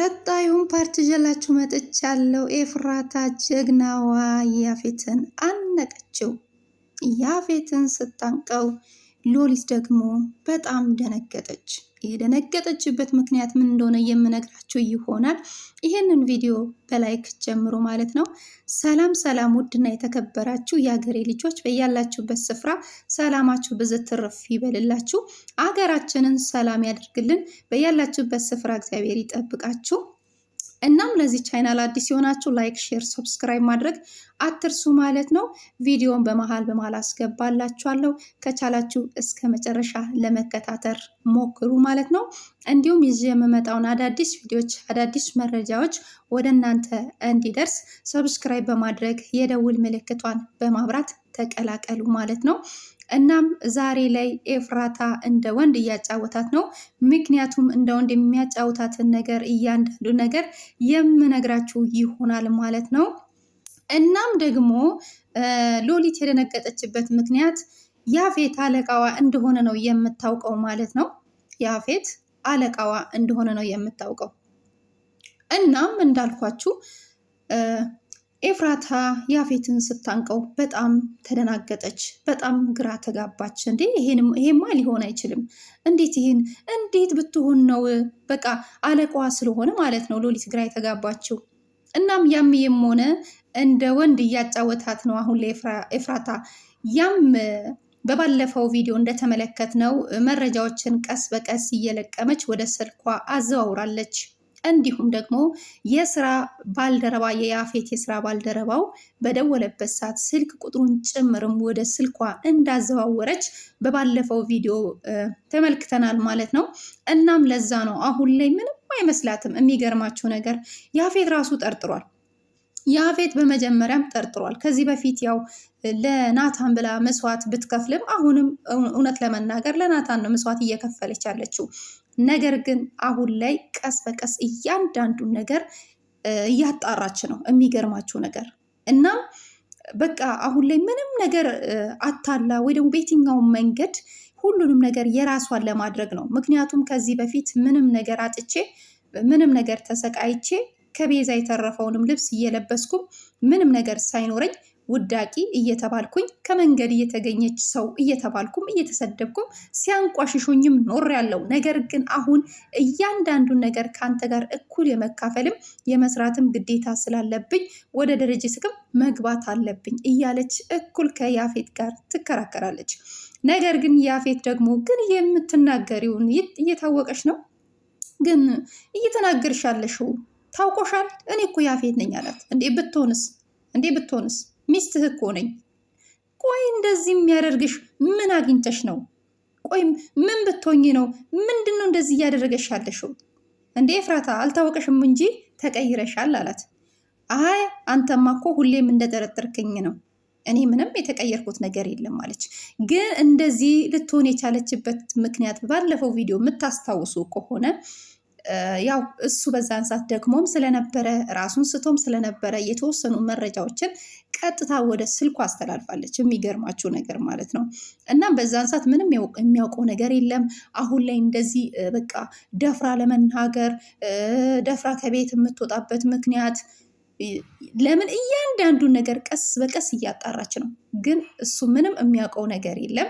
ቀጣዩን ፓርት ይዤላችሁ መጥቻለሁ። ኤፍራታ ጀግናዋ ያፌትን አነቀችው። ያፌትን ስታንቀው ሎሊት ደግሞ በጣም ደነገጠች። የደነገጠችበት ምክንያት ምን እንደሆነ የምነግራቸው ይሆናል። ይሄንን ቪዲዮ በላይክ ጀምሮ ማለት ነው። ሰላም ሰላም! ውድና የተከበራችሁ የሀገሬ ልጆች በያላችሁበት ስፍራ ሰላማችሁ ብዝት ይበልላችሁ። አገራችንን ሰላም ያደርግልን። በያላችሁበት ስፍራ እግዚአብሔር ይጠብቃችሁ። እናም ለዚህ ቻናል አዲስ የሆናችሁ ላይክ፣ ሼር፣ ሰብስክራይብ ማድረግ አትርሱ ማለት ነው። ቪዲዮን በመሃል በመሃል አስገባላችኋለሁ ከቻላችሁ እስከ መጨረሻ ለመከታተር ሞክሩ ማለት ነው። እንዲሁም ይዤ የምመጣውን አዳዲስ ቪዲዮዎች፣ አዳዲስ መረጃዎች ወደ እናንተ እንዲደርስ ሰብስክራይብ በማድረግ የደውል ምልክቷን በማብራት ተቀላቀሉ ማለት ነው። እናም ዛሬ ላይ ኤፍራታ እንደ ወንድ እያጫወታት ነው። ምክንያቱም እንደ ወንድ የሚያጫወታትን ነገር እያንዳንዱ ነገር የምነግራችሁ ይሆናል ማለት ነው። እናም ደግሞ ሎሊት የደነገጠችበት ምክንያት ያፌት አለቃዋ እንደሆነ ነው የምታውቀው ማለት ነው። ያፌት አለቃዋ እንደሆነ ነው የምታውቀው። እናም እንዳልኳችሁ ኤፍራታ ያፌትን ስታንቀው በጣም ተደናገጠች። በጣም ግራ ተጋባች። እንዴ ይሄማ ሊሆን አይችልም። እንዴት ይሄን እንዴት ብትሆን ነው? በቃ አለቋ ስለሆነ ማለት ነው ሎሊት ግራ የተጋባችው። እናም ያምዬም ሆነ እንደ ወንድ እያጫወታት ነው አሁን ለኤፍራታ ያም በባለፈው ቪዲዮ እንደተመለከትነው መረጃዎችን ቀስ በቀስ እየለቀመች ወደ ስልኳ አዘዋውራለች። እንዲሁም ደግሞ የስራ ባልደረባ የያፌት የስራ ባልደረባው በደወለበት ሰዓት ስልክ ቁጥሩን ጭምርም ወደ ስልኳ እንዳዘዋወረች በባለፈው ቪዲዮ ተመልክተናል ማለት ነው። እናም ለዛ ነው አሁን ላይ ምንም አይመስላትም። የሚገርማችሁ ነገር ያፌት ራሱ ጠርጥሯል። ያፌት በመጀመሪያም ጠርጥሯል። ከዚህ በፊት ያው ለናታን ብላ መስዋዕት ብትከፍልም አሁንም እውነት ለመናገር ለናታን ነው መስዋዕት እየከፈለች ያለችው። ነገር ግን አሁን ላይ ቀስ በቀስ እያንዳንዱን ነገር እያጣራች ነው። የሚገርማችሁ ነገር እናም በቃ አሁን ላይ ምንም ነገር አታላ ወይ ደግሞ በየትኛውን መንገድ ሁሉንም ነገር የራሷን ለማድረግ ነው። ምክንያቱም ከዚህ በፊት ምንም ነገር አጥቼ ምንም ነገር ተሰቃይቼ ከቤዛ የተረፈውንም ልብስ እየለበስኩም ምንም ነገር ሳይኖረኝ ውዳቂ እየተባልኩኝ ከመንገድ እየተገኘች ሰው እየተባልኩም እየተሰደብኩም ሲያንቋሽሹኝም ኖር ያለው ነገር ግን አሁን እያንዳንዱን ነገር ከአንተ ጋር እኩል የመካፈልም የመስራትም ግዴታ ስላለብኝ ወደ ድርጅትክም መግባት አለብኝ እያለች እኩል ከያፌት ጋር ትከራከራለች። ነገር ግን ያፌት ደግሞ ግን የምትናገሪውን እየታወቀች ነው ግን እየተናገርሻለሽው ታውቆሻል። እኔ እኮ ያፌት ነኝ አላት። እንዴ ብትሆንስ እንዴ ብትሆንስ ሚስትህ እኮ ነኝ። ቆይ እንደዚህ የሚያደርግሽ ምን አግኝተሽ ነው? ቆይ ምን ብትሆኝ ነው? ምንድን ነው እንደዚህ እያደረገሽ ያለሽው? እንዴ ፍራታ አልታወቀሽም እንጂ ተቀይረሻል አላት። አይ አንተማ እኮ ሁሌም እንደጠረጠርክኝ ነው። እኔ ምንም የተቀየርኩት ነገር የለም አለች። ግን እንደዚህ ልትሆን የቻለችበት ምክንያት ባለፈው ቪዲዮ የምታስታውሱ ከሆነ ያው እሱ በዛን ሰዓት ደግሞም ስለነበረ ራሱን ስቶም ስለነበረ የተወሰኑ መረጃዎችን ቀጥታ ወደ ስልኩ አስተላልፋለች። የሚገርማችሁ ነገር ማለት ነው። እናም በዛን ሰዓት ምንም የሚያውቀው ነገር የለም። አሁን ላይ እንደዚህ በቃ ደፍራ ለመናገር ደፍራ ከቤት የምትወጣበት ምክንያት ለምን እያንዳንዱን ነገር ቀስ በቀስ እያጣራች ነው። ግን እሱ ምንም የሚያውቀው ነገር የለም።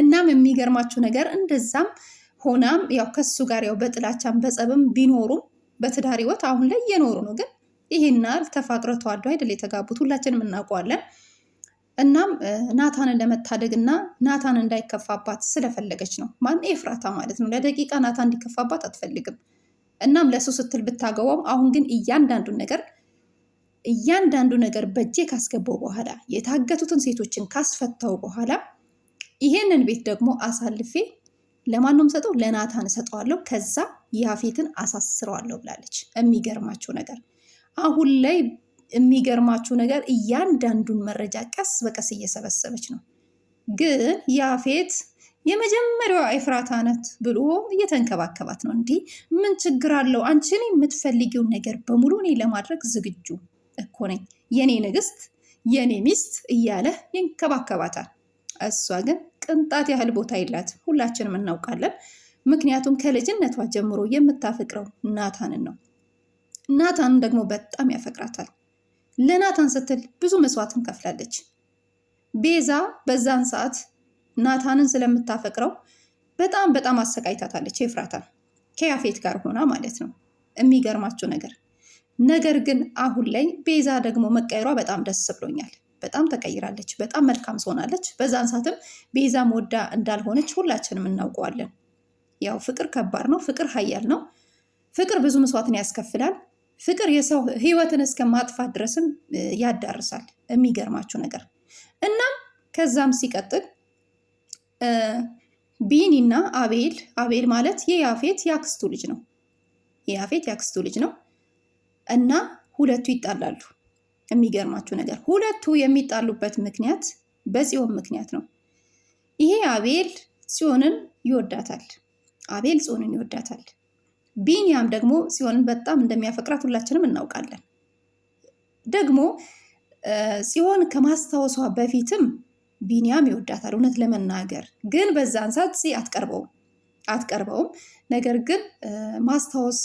እናም የሚገርማችሁ ነገር እንደዛም ሆናም ያው ከሱ ጋር ያው በጥላቻም በጸብም ቢኖሩም በትዳር ህይወት አሁን ላይ እየኖሩ ነው። ግን ይሄና ተፋቅረው ተዋዶ አይደል የተጋቡት ሁላችንም እናውቀዋለን። እናም ናታንን ለመታደግ እና ናታን እንዳይከፋባት ስለፈለገች ነው። ማን ኤፍራታ ማለት ነው። ለደቂቃ ናታን እንዲከፋባት አትፈልግም። እናም ለሱ ስትል ብታገባውም፣ አሁን ግን እያንዳንዱ ነገር እያንዳንዱ ነገር በእጄ ካስገባው በኋላ የታገቱትን ሴቶችን ካስፈታው በኋላ ይሄንን ቤት ደግሞ አሳልፌ ለማንም ሰጠው ለናታን እሰጠዋለሁ፣ ከዛ ያፌትን አሳስረዋለሁ ብላለች። የሚገርማችሁ ነገር አሁን ላይ የሚገርማችሁ ነገር እያንዳንዱን መረጃ ቀስ በቀስ እየሰበሰበች ነው። ግን ያፌት የመጀመሪያዋ ኤፍራታ ናት ብሎ እየተንከባከባት ነው። እንዲህ ምን ችግር አለው? አንቺን የምትፈልጊውን ነገር በሙሉ እኔ ለማድረግ ዝግጁ እኮ ነኝ፣ የኔ ንግስት፣ የኔ ሚስት እያለ ይንከባከባታል። እሷ ግን ቅንጣት ያህል ቦታ የላት፣ ሁላችንም እናውቃለን። ምክንያቱም ከልጅነቷ ጀምሮ የምታፈቅረው ናታንን ነው። ናታንን ደግሞ በጣም ያፈቅራታል። ለናታን ስትል ብዙ መስዋዕትን ከፍላለች። ቤዛ በዛን ሰዓት ናታንን ስለምታፈቅረው በጣም በጣም አሰቃይታታለች። ኤፍራታን ከያፌት ጋር ሆና ማለት ነው። የሚገርማችሁ ነገር ነገር ግን አሁን ላይ ቤዛ ደግሞ መቀየሯ በጣም ደስ ብሎኛል። በጣም ተቀይራለች። በጣም መልካም ትሆናለች ሆናለች። በዛን ሰዓትም ቤዛም ወዳ እንዳልሆነች ሁላችንም እናውቀዋለን። ያው ፍቅር ከባድ ነው። ፍቅር ኃያል ነው። ፍቅር ብዙ መስዋዕትን ያስከፍላል። ፍቅር የሰው ህይወትን እስከ ማጥፋት ድረስም ያዳርሳል። የሚገርማችሁ ነገር እናም ከዛም ሲቀጥል ቢኒና አቤል አቤል ማለት የያፌት ያክስቱ ልጅ ነው። የያፌት ያክስቱ ልጅ ነው እና ሁለቱ ይጣላሉ። የሚገርማችሁ ነገር ሁለቱ የሚጣሉበት ምክንያት በጽዮን ምክንያት ነው። ይሄ አቤል ጽዮንን ይወዳታል። አቤል ጽዮንን ይወዳታል። ቢንያም ደግሞ ጽዮንን በጣም እንደሚያፈቅራት ሁላችንም እናውቃለን። ደግሞ ጽዮን ከማስታወሷ በፊትም ቢንያም ይወዳታል። እውነት ለመናገር ግን በዛን ሰዓት አትቀርበውም አትቀርበውም ነገር ግን ማስታወስ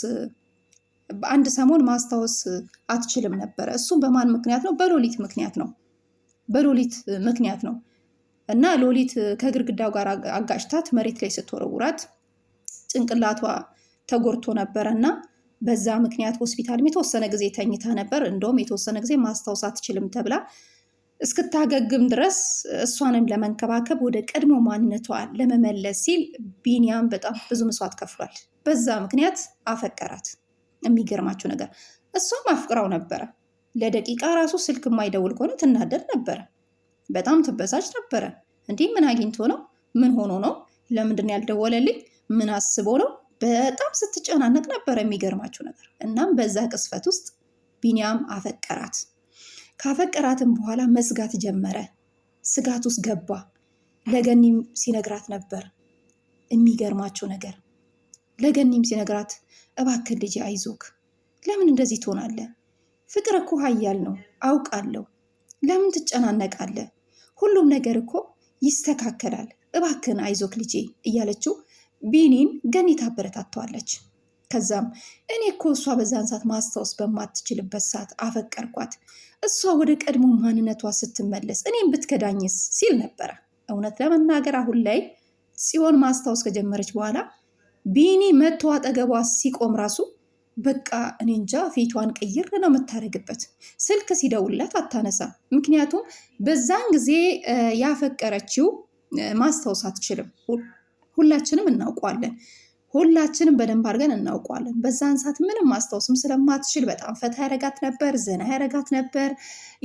በአንድ ሰሞን ማስታወስ አትችልም ነበረ። እሱም በማን ምክንያት ነው? በሎሊት ምክንያት ነው። በሎሊት ምክንያት ነው እና ሎሊት ከግድግዳው ጋር አጋጭታት መሬት ላይ ስትወረውራት ጭንቅላቷ ተጎድቶ ነበረ እና በዛ ምክንያት ሆስፒታልም የተወሰነ ጊዜ ተኝታ ነበር። እንደውም የተወሰነ ጊዜ ማስታወስ አትችልም ተብላ እስክታገግም ድረስ እሷንም ለመንከባከብ ወደ ቀድሞ ማንነቷ ለመመለስ ሲል ቢኒያም በጣም ብዙ መስዋዕት ከፍሏል። በዛ ምክንያት አፈቀራት። የሚገርማቸው ነገር እሷም አፍቅራው ነበረ። ለደቂቃ ራሱ ስልክ የማይደውል ከሆነ ትናደድ ነበረ። በጣም ትበሳጭ ነበረ። እንዲህ ምን አግኝቶ ነው? ምን ሆኖ ነው? ለምንድን ያልደወለልኝ? ምን አስቦ ነው? በጣም ስትጨናነቅ ነበረ። የሚገርማችሁ ነገር እናም በዛ ቅስፈት ውስጥ ቢኒያም አፈቀራት። ካፈቀራትም በኋላ መስጋት ጀመረ። ስጋት ውስጥ ገባ። ለገኒም ሲነግራት ነበር። የሚገርማችሁ ነገር ለገኒም ሲነግራት እባክን ልጅ አይዞክ፣ ለምን እንደዚህ ትሆናለ? ፍቅር እኮ ሀያል ነው አውቃለሁ። ለምን ትጨናነቃለህ? ሁሉም ነገር እኮ ይስተካከላል። እባክን አይዞክ ልጄ እያለችው ቢኒን ገኒ ታበረታተዋለች። ከዛም እኔ እኮ እሷ በዛን ሰዓት ማስታወስ በማትችልበት ሰዓት አፈቀርኳት፣ እሷ ወደ ቀድሞ ማንነቷ ስትመለስ እኔም ብትከዳኝስ ሲል ነበረ። እውነት ለመናገር አሁን ላይ ጽዮን ማስታወስ ከጀመረች በኋላ ቢኒ መቶ አጠገቧ ሲቆም ራሱ በቃ እኔ እንጃ ፊቷን ቅይር ነው የምታደርግበት። ስልክ ሲደውላት አታነሳም። ምክንያቱም በዛን ጊዜ ያፈቀረችው ማስታወስ አትችልም። ሁላችንም እናውቀዋለን። ሁላችንም በደንብ አድርገን እናውቀዋለን። በዛን ሰዓት ምንም ማስታወስም ስለማትችል በጣም ፈታ ያረጋት ነበር፣ ዘና ያረጋት ነበር፣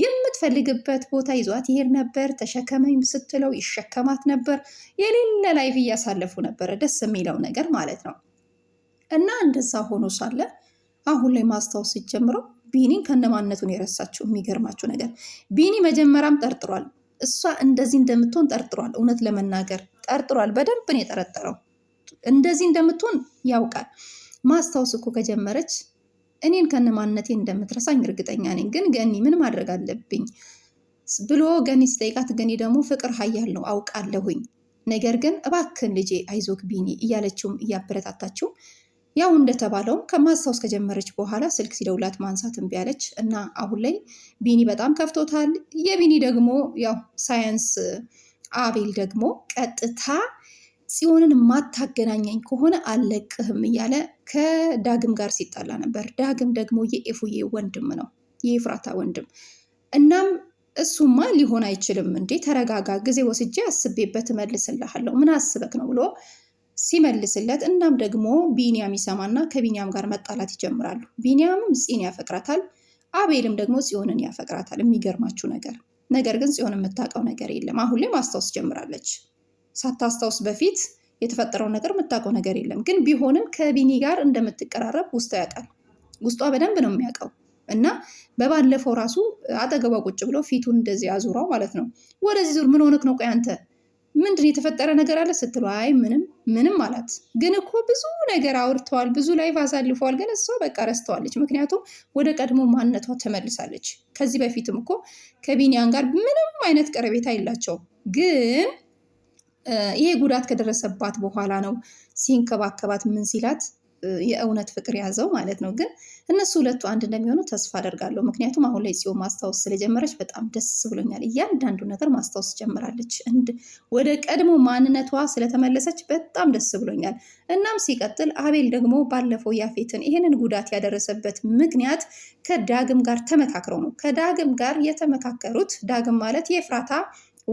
የምትፈልግበት ቦታ ይዟት ይሄድ ነበር። ተሸከመኝ ስትለው ይሸከማት ነበር። የሌለ ላይፍ እያሳለፉ ነበረ፣ ደስ የሚለው ነገር ማለት ነው። እና እንደዛ ሆኖ ሳለ አሁን ላይ ማስታወስ ሲጀምረው ቢኒን ከነማንነቱን የረሳችው። የሚገርማችሁ ነገር ቢኒ መጀመሪያም ጠርጥሯል፣ እሷ እንደዚህ እንደምትሆን ጠርጥሯል። እውነት ለመናገር ጠርጥሯል፣ በደንብ ነው የጠረጠረው። እንደዚህ እንደምትሆን ያውቃል። ማስታወስ እኮ ከጀመረች እኔን ከነማንነቴ እንደምትረሳኝ እርግጠኛ ነኝ። ግን ገኒ ምን ማድረግ አለብኝ ብሎ ገኒ ሲጠይቃት፣ ገኒ ደግሞ ፍቅር ሀያል ነው አውቃለሁኝ፣ ነገር ግን እባክን ልጄ አይዞክ ቢኒ እያለችውም እያበረታታችው ያው እንደተባለውም ከማስታወስ ከጀመረች በኋላ ስልክ ሲደውላት ማንሳት እምቢ አለች እና አሁን ላይ ቢኒ በጣም ከፍቶታል። የቢኒ ደግሞ ያው ሳይንስ አቤል ደግሞ ቀጥታ ጽዮንን ማታገናኘኝ ከሆነ አለቅህም እያለ ከዳግም ጋር ሲጣላ ነበር። ዳግም ደግሞ የኤፉዬ ወንድም ነው፣ የኤፍራታ ወንድም። እናም እሱማ ሊሆን አይችልም እንዴ፣ ተረጋጋ፣ ጊዜ ወስጄ አስቤበት እመልስልሃለሁ። ምን አስበክ ነው ብሎ ሲመልስለት እናም ደግሞ ቢኒያም ይሰማና ከቢኒያም ጋር መጣላት ይጀምራሉ። ቢኒያምም ጽን ያፈቅራታል፣ አቤልም ደግሞ ጽዮንን ያፈቅራታል። የሚገርማችሁ ነገር ነገር ግን ጽዮን የምታውቀው ነገር የለም። አሁን ላይ ማስታወስ ጀምራለች። ሳታስታውስ በፊት የተፈጠረው ነገር የምታውቀው ነገር የለም። ግን ቢሆንም ከቢኒ ጋር እንደምትቀራረብ ውስጧ ያውቃል። ውስጧ በደንብ ነው የሚያውቀው። እና በባለፈው ራሱ አጠገቧ ቁጭ ብሎ ፊቱን እንደዚህ አዙራው ማለት ነው ወደዚህ ዙር። ምን ሆነክ ነው? ቆይ አንተ ምንድን የተፈጠረ ነገር አለ ስትሉ፣ አይ ምንም ምንም አላት። ግን እኮ ብዙ ነገር አውርተዋል፣ ብዙ ላይፍ አሳልፈዋል። ግን እሷ በቃ ረስተዋለች። ምክንያቱም ወደ ቀድሞ ማንነቷ ተመልሳለች። ከዚህ በፊትም እኮ ከቢኒያን ጋር ምንም አይነት ቀረቤታ የላቸውም ግን ይሄ ጉዳት ከደረሰባት በኋላ ነው ሲንከባከባት ምን ሲላት የእውነት ፍቅር ያዘው ማለት ነው። ግን እነሱ ሁለቱ አንድ እንደሚሆኑ ተስፋ አደርጋለሁ። ምክንያቱም አሁን ላይ ጽዮን ማስታወስ ስለጀመረች በጣም ደስ ብሎኛል። እያንዳንዱ ነገር ማስታወስ ጀምራለች። ወደ ቀድሞ ማንነቷ ስለተመለሰች በጣም ደስ ብሎኛል። እናም ሲቀጥል አቤል ደግሞ ባለፈው ያፌትን ይህንን ጉዳት ያደረሰበት ምክንያት ከዳግም ጋር ተመካክረው ነው። ከዳግም ጋር የተመካከሩት ዳግም ማለት የፍራታ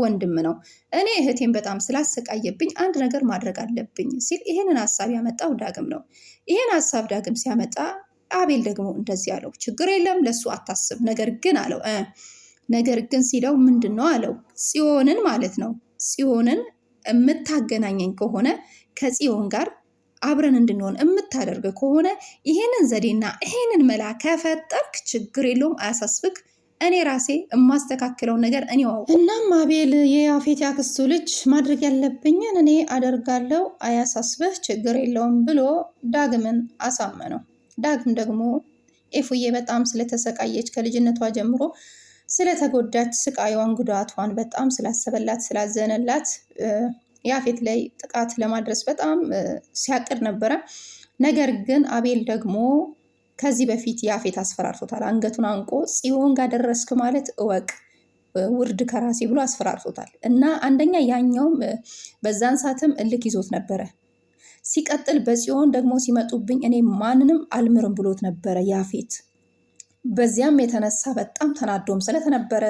ወንድም ነው። እኔ እህቴን በጣም ስላሰቃየብኝ አንድ ነገር ማድረግ አለብኝ ሲል ይህንን ሀሳብ ያመጣው ዳግም ነው። ይህን ሀሳብ ዳግም ሲያመጣ አቤል ደግሞ እንደዚህ አለው፣ ችግር የለም ለሱ አታስብ፣ ነገር ግን አለው ነገር ግን ሲለው ምንድን ነው አለው፣ ጽዮንን ማለት ነው ጽዮንን የምታገናኘኝ ከሆነ ከጽዮን ጋር አብረን እንድንሆን የምታደርግ ከሆነ ይሄንን ዘዴና ይሄንን መላ ከፈጠርክ ችግር የለውም አያሳስብክ እኔ ራሴ የማስተካክለው ነገር እኔ ዋው። እናም አቤል የአፌት ያክስቱ ልጅ ማድረግ ያለብኝን እኔ አደርጋለው አያሳስበህ፣ ችግር የለውም ብሎ ዳግምን አሳመነው። ዳግም ደግሞ ኤፉዬ በጣም ስለተሰቃየች ከልጅነቷ ጀምሮ ስለተጎዳች ስቃይዋን ጉዳቷን በጣም ስላሰበላት ስላዘነላት የአፌት ላይ ጥቃት ለማድረስ በጣም ሲያቅድ ነበረ። ነገር ግን አቤል ደግሞ ከዚህ በፊት ያፌት አስፈራርቶታል። አንገቱን አንቆ ጽዮን ጋር ደረስክ ማለት እወቅ ውርድ ከራሴ ብሎ አስፈራርቶታል። እና አንደኛ ያኛውም በዛን ሰዓትም እልክ ይዞት ነበረ። ሲቀጥል በጽዮን ደግሞ ሲመጡብኝ እኔ ማንንም አልምርም ብሎት ነበረ ያፌት። በዚያም የተነሳ በጣም ተናዶም ስለተነበረ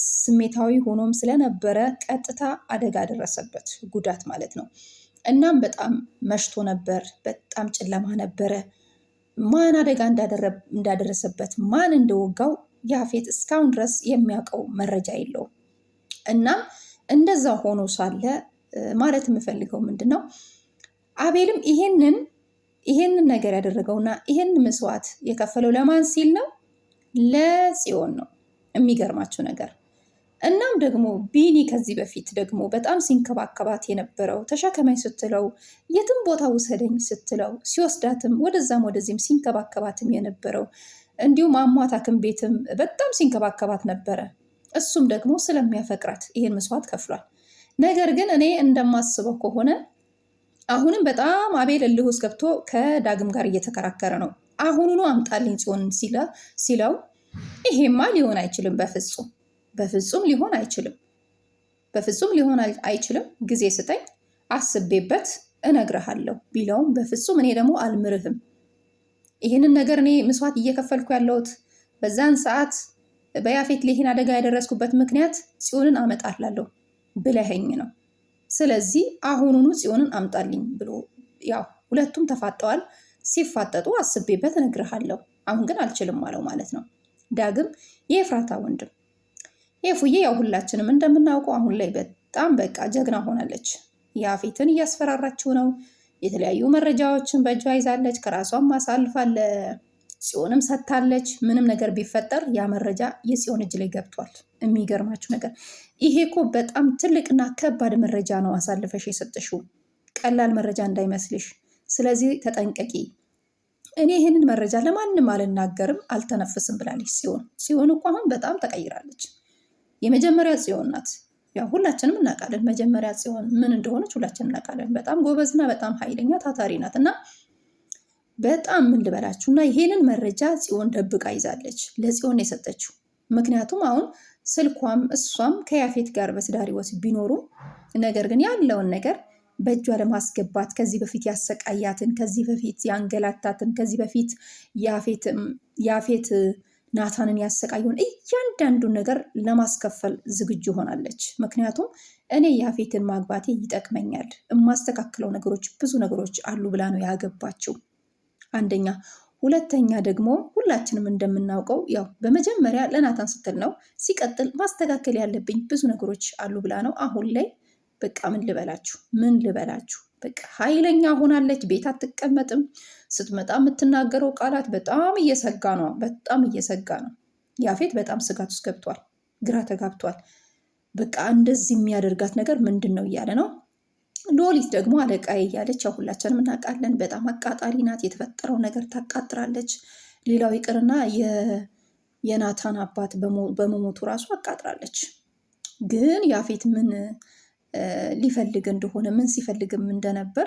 ስሜታዊ ሆኖም ስለነበረ ቀጥታ አደጋ ደረሰበት፣ ጉዳት ማለት ነው። እናም በጣም መሽቶ ነበር፣ በጣም ጨለማ ነበረ። ማን አደጋ እንዳደረሰበት ማን እንደወጋው ያፌት እስካሁን ድረስ የሚያውቀው መረጃ የለውም። እናም እንደዛ ሆኖ ሳለ ማለት የምፈልገው ምንድን ነው አቤልም ይሄንን ይሄንን ነገር ያደረገውና ይሄን መስዋዕት የከፈለው ለማን ሲል ነው? ለጽዮን ነው። የሚገርማችሁ ነገር እናም ደግሞ ቢኒ ከዚህ በፊት ደግሞ በጣም ሲንከባከባት የነበረው ተሸከመኝ ስትለው የትም ቦታ ውሰደኝ ስትለው ሲወስዳትም ወደዛም ወደዚህም ሲንከባከባትም የነበረው እንዲሁም አሟት ሐኪም ቤትም በጣም ሲንከባከባት ነበረ። እሱም ደግሞ ስለሚያፈቅራት ይህን መስዋዕት ከፍሏል። ነገር ግን እኔ እንደማስበው ከሆነ አሁንም በጣም አቤል እልህ ውስጥ ገብቶ ከዳግም ጋር እየተከራከረ ነው። አሁኑኑ አምጣልኝ ጽዮን ሲለው ይሄማ ሊሆን አይችልም በፍጹም በፍጹም ሊሆን አይችልም። በፍጹም ሊሆን አይችልም፣ ጊዜ ስጠኝ፣ አስቤበት እነግርሃለሁ ቢለውም በፍጹም እኔ ደግሞ አልምርህም፣ ይህንን ነገር እኔ ምስዋት እየከፈልኩ ያለሁት በዛን ሰዓት በያፌት ላይ ይህን አደጋ ያደረስኩበት ምክንያት ጽዮንን አመጣላለሁ ብለኸኝ ነው። ስለዚህ አሁኑኑ ጽዮንን አምጣልኝ ብሎ ያው ሁለቱም ተፋጠዋል። ሲፋጠጡ አስቤበት እነግርሃለሁ፣ አሁን ግን አልችልም አለው ማለት ነው። ዳግም የኤፍራታ ወንድም ኤፉዬ ያው ሁላችንም እንደምናውቀው አሁን ላይ በጣም በቃ ጀግና ሆናለች። ያፌትን እያስፈራራችው ነው። የተለያዩ መረጃዎችን በእጇ ይዛለች። ከራሷም አሳልፋለ ለጽዮንም ሰጥታለች። ምንም ነገር ቢፈጠር ያ መረጃ የጽዮን እጅ ላይ ገብቷል። የሚገርማችሁ ነገር ይሄ እኮ በጣም ትልቅና ከባድ መረጃ ነው አሳልፈሽ የሰጠሽው፣ ቀላል መረጃ እንዳይመስልሽ። ስለዚህ ተጠንቀቂ። እኔ ይህንን መረጃ ለማንም አልናገርም፣ አልተነፍስም ብላለች ሲሆን ሲሆን እኮ አሁን በጣም ተቀይራለች። የመጀመሪያ ጽዮን ናት። ያው ሁላችንም እናውቃለን መጀመሪያ ጽዮን ምን እንደሆነች ሁላችንም እናውቃለን። በጣም ጎበዝና በጣም ኃይለኛ ታታሪ ናት እና በጣም ምን ልበላችሁ እና ይሄንን መረጃ ጽዮን ደብቃ ይዛለች፣ ለጽዮን የሰጠችው ምክንያቱም አሁን ስልኳም እሷም ከያፌት ጋር በትዳር ሕይወት ቢኖሩም ነገር ግን ያለውን ነገር በእጇ ለማስገባት ከዚህ በፊት ያሰቃያትን ከዚህ በፊት ያንገላታትን ከዚህ በፊት ያፌት ናታንን ያሰቃየውን እያንዳንዱን ነገር ለማስከፈል ዝግጁ ሆናለች። ምክንያቱም እኔ ያፌትን ማግባቴ ይጠቅመኛል፣ የማስተካክለው ነገሮች ብዙ ነገሮች አሉ ብላ ነው ያገባችው። አንደኛ። ሁለተኛ ደግሞ ሁላችንም እንደምናውቀው ያው በመጀመሪያ ለናታን ስትል ነው፣ ሲቀጥል ማስተካከል ያለብኝ ብዙ ነገሮች አሉ ብላ ነው። አሁን ላይ በቃ ምን ልበላችሁ ምን ልበላችሁ በቃ ኃይለኛ ሆናለች። ቤት አትቀመጥም። ስትመጣ የምትናገረው ቃላት በጣም እየሰጋ ነው፣ በጣም እየሰጋ ነው። ያፌት በጣም ስጋት ውስጥ ገብቷል፣ ግራ ተጋብቷል። በቃ እንደዚህ የሚያደርጋት ነገር ምንድን ነው እያለ ነው። ሎሊት ደግሞ አለቃዬ እያለች ያው ሁላችንም እናውቃለን፣ በጣም አቃጣሪ ናት። የተፈጠረው ነገር ታቃጥራለች። ሌላው ይቅርና የናታን አባት በመሞቱ ራሱ አቃጥራለች። ግን ያፌት ምን ሊፈልግ እንደሆነ ምን ሲፈልግም እንደነበር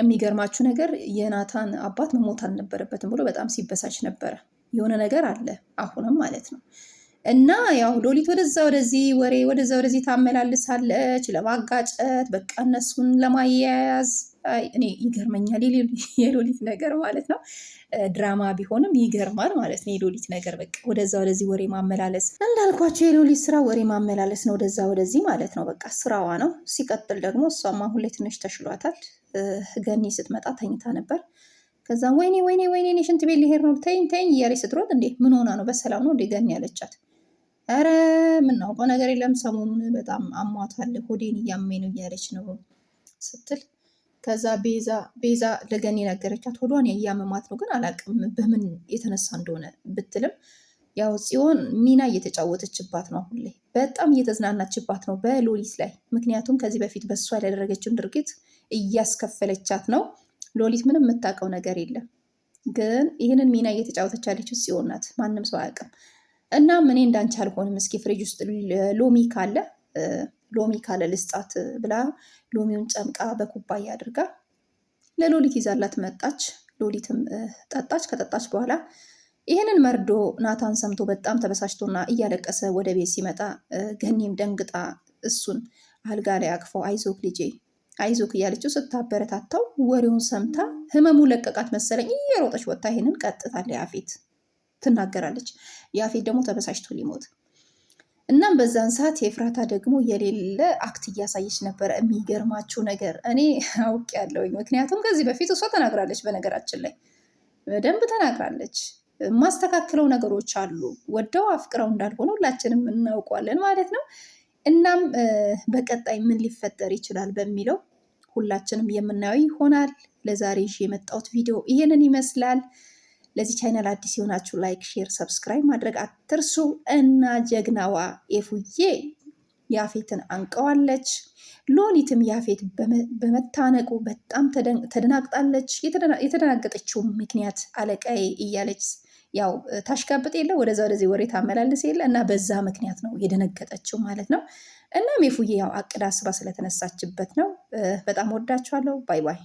የሚገርማችሁ ነገር የናታን አባት መሞት አልነበረበትም ብሎ በጣም ሲበሳጭ ነበረ። የሆነ ነገር አለ አሁንም ማለት ነው። እና ያው ሎሊት ወደዛ ወደዚህ ወሬ ወደዛ ወደዚህ ታመላልሳለች ለማጋጨት በቃ እነሱን ለማያያዝ እኔ ይገርመኛል የሎሊት ነገር ማለት ነው። ድራማ ቢሆንም ይገርማል ማለት ነው የሎሊት ነገር በቃ ወደዛ ወደዚህ ወሬ ማመላለስ እንዳልኳቸው የሎሊት ስራ ወሬ ማመላለስ ነው፣ ወደዛ ወደዚህ ማለት ነው። በቃ ስራዋ ነው። ሲቀጥል ደግሞ እሷም አሁን ላይ ትንሽ ተሽሏታል። ገኒ ስትመጣ ተኝታ ነበር። ከዛም ወይኔ ወይኔ ወይኔ እኔ ሽንት ቤት ሊሄድ ነው ተኝ ተኝ እያለች ስትሮጥ፣ እንዴ ምን ሆና ነው በሰላም ነው እንዴ ገኒ ያለቻት። ኧረ ምናውቀው ነገር የለም ሰሞኑን በጣም አሟታል ሆዴን እያመኝ ነው እያለች ነው ስትል ከዛ ቤዛ ቤዛ ለገኔ የነገረቻት ሆዷን እያመማት ነው ግን አላቅም በምን የተነሳ እንደሆነ ብትልም ያው ጽዮን ሚና እየተጫወተችባት ነው። አሁን ላይ በጣም እየተዝናናችባት ነው በሎሊት ላይ። ምክንያቱም ከዚህ በፊት በእሷ ያደረገችውን ድርጊት እያስከፈለቻት ነው። ሎሊት ምንም የምታውቀው ነገር የለም፣ ግን ይህንን ሚና እየተጫወተች ያለችው ጽዮን ናት። ማንም ሰው አያውቅም። እና እኔ እንዳንቺ አልሆንም፣ እስኪ ፍሬጅ ውስጥ ሎሚ ካለ ሎሚ ካለ ልስጣት ብላ ሎሚውን ጨምቃ በኩባያ አድርጋ ለሎሊት ይዛላት መጣች። ሎሊትም ጠጣች። ከጠጣች በኋላ ይህንን መርዶ ናታን ሰምቶ በጣም ተበሳጭቶና እያለቀሰ ወደ ቤት ሲመጣ ገኒም ደንግጣ እሱን አልጋ ላይ አቅፈው አይዞክ ልጄ አይዞክ እያለችው ስታበረታታው ወሬውን ሰምታ ህመሙ ለቀቃት መሰለኝ እየሮጠች ወጥታ ይህንን ቀጥታ ለያፌት ትናገራለች። ያፌት ደግሞ ተበሳጭቶ ሊሞት እናም በዛን ሰዓት የፍራታ ደግሞ የሌለ አክት እያሳየች ነበረ። የሚገርማችሁ ነገር እኔ አውቅ ያለውኝ ምክንያቱም ከዚህ በፊት እሷ ተናግራለች። በነገራችን ላይ በደንብ ተናግራለች። የማስተካክለው ነገሮች አሉ። ወደው አፍቅረው እንዳልሆነ ሁላችንም እናውቀዋለን ማለት ነው። እናም በቀጣይ ምን ሊፈጠር ይችላል በሚለው ሁላችንም የምናየው ይሆናል። ለዛሬ ይዤ የመጣሁት ቪዲዮ ይሄንን ይመስላል። ለዚህ ቻይናል አዲስ የሆናችሁ ላይክ፣ ሼር፣ ሰብስክራይብ ማድረግ አትርሱ እና ጀግናዋ ኤፉዬ ያፌትን አንቀዋለች። ሎሊትም ያፌት በመታነቁ በጣም ተደናግጣለች። የተደናገጠችው ምክንያት አለቃዬ እያለች ያው ታሽጋብጥ የለ ወደዛ ወደዚህ ወሬ ታመላልስ የለ እና በዛ ምክንያት ነው የደነገጠችው ማለት ነው። እናም የፉዬ ያው አቅዳ አስባ ስለተነሳችበት ነው። በጣም ወዳችኋለሁ። ባይ ባይ